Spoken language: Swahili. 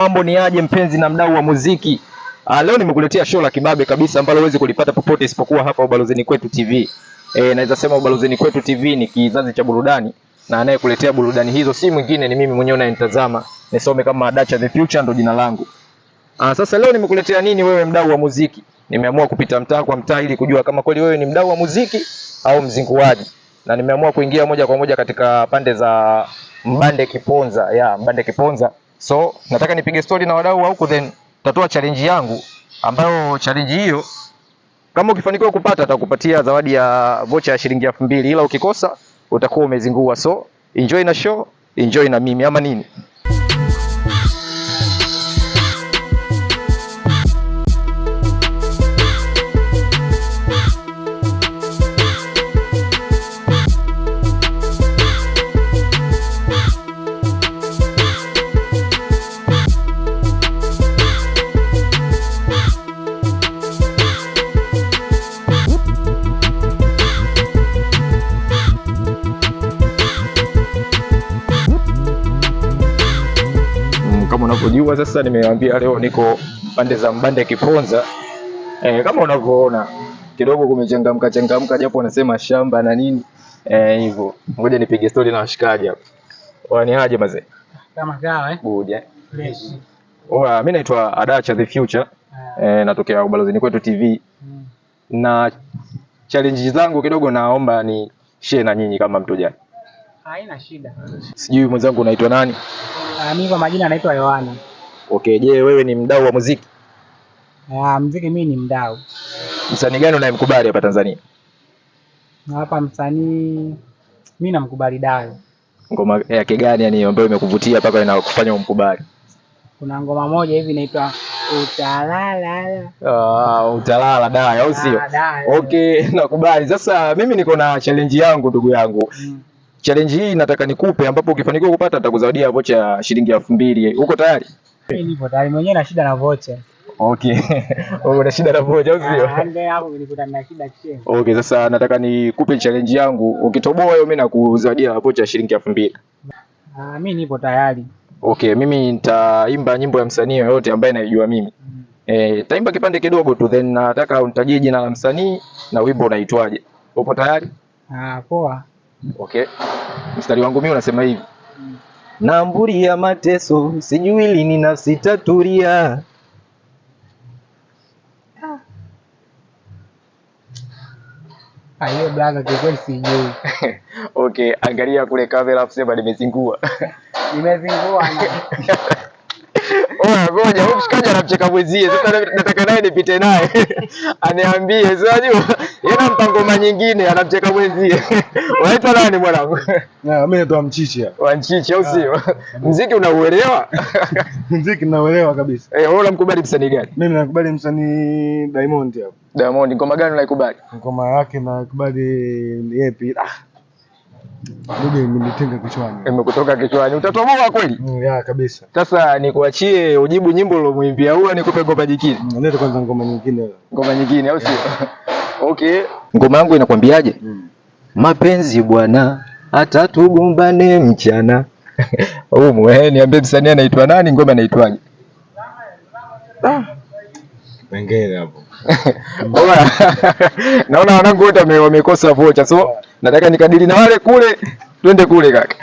Mambo ni aje mpenzi na mdau wa muziki? Ah, leo nimekuletea show la kibabe kabisa ambalo huwezi kulipata popote isipokuwa hapa Ubalozini Kwetu TV. E, eh, naweza sema Ubalozini Kwetu TV ni kizazi cha burudani na anayekuletea burudani hizo si mwingine ni mimi mwenyewe unayenitazama. Nisome kama Adacha the Future ndo jina langu. Ah, sasa leo nimekuletea nini wewe mdau wa muziki? Nimeamua kupita mtaa kwa mtaa ili kujua kama kweli wewe ni mdau wa muziki au mzinguaji. Na nimeamua kuingia moja kwa moja katika pande za Mbande Kiponza. Ya, Mbande Kiponza So nataka nipige story na wadau wa huku, then tatoa challenge yangu, ambayo challenge hiyo kama ukifanikiwa kupata atakupatia zawadi ya vocha ya shilingi elfu mbili ila ukikosa utakuwa umezingua. So enjoy na show, enjoy na mimi ama nini. kama unavyojua sasa, nimewaambia leo niko pande za Mbande Kiponza. E, kama unavyoona kidogo kumechangamka changamka, japo wanasema shamba na nini eh, hivyo. E, ngoja nipige stori na washikaji hapa. Waniaje mzee? Kama kawa eh? Good eh. Fresh. Oa, mimi naitwa Adacha the Future. Ah. Eh, E, natokea ubalozini kwetu TV. Mm. Na challenge zangu kidogo naomba ni share na nyinyi kama mtu jani. Haina shida. Sijui mwenzangu unaitwa nani? Oh, mimi yaani, kwa majina naitwa Yohana. Okay, je, wewe ni mdau wa muziki? Ah, muziki mimi ni mdau. Msanii gani unayemkubali hapa Tanzania? Hapa msanii mimi namkubali Dayo. Ngoma yake gani yani ambayo imekuvutia mpaka inakufanya umkubali? Kuna ngoma moja hivi inaitwa Utalala. Ah, utalala Dayo, au sio? Ah, okay, nakubali. Sasa mimi niko na challenge yangu ndugu yangu. Mm challenge hii nataka nikupe, ambapo ukifanikiwa kupata nitakuzawadia vocha ya shilingi elfu mbili. Uko tayari? Nipo tayari, mwenyewe na shida na vocha. Okay. Una shida na vocha au ah, sio? Okay, sasa nataka nikupe challenge yangu, ukitoboa hiyo mimi nakuzawadia vocha ya shilingi elfu mbili. Ah, mimi nipo tayari. Okay, mimi nitaimba nyimbo ya msanii yoyote ambaye naijua mimi. Mm. Eh, taimba kipande kidogo tu then nataka unitajie jina la msanii na wimbo unaitwaje. Upo tayari? Ah, poa. Okay, mstari wangu mimi unasema hivi mm. Naambulia mateso sijui lini nafsi taturia Ayo ah, blaga kwa kweli sijui. Okay, angalia kule cover alafu sema nimezingua. Nimezingua na. Oh, ngoja huyu mshikaji anamcheka mwenzie. Sasa nataka naye nipite naye. Aniambie, unajua. Yeye anampa chama nyingine anamcheka mwenzie. Unaitwa nani mwanangu? Na mimi naitwa Mchichi. Wa Mchichi au sio? Ah. Muziki unauelewa? Muziki nauelewa kabisa. Eh, wewe unamkubali msanii gani? Mimi nakubali msanii Diamond hapo. Diamond, ngoma gani unaikubali? Ngoma yake nakubali yepi? Ah. Mimi nimetenga kichwani. Nimekutoka kichwani. Utatoboa kweli? Mm, ya kabisa. Sasa nikuachie ujibu nyimbo ulomwimbia huyo nikupe ngoma nyingine. nenda kwanza ngoma nyingine. Ngoma nyingine au sio? Okay. Ngoma yangu inakwambiaje? Mm. Mapenzi bwana, hata tugombane mchana. Huyu oh, mwehe niambie msanii anaitwa nani? Ngoma inaitwaje? Ah. Naona wanangu wote wamekosa vocha. So nataka nikadili na wale kule, twende kule kaka.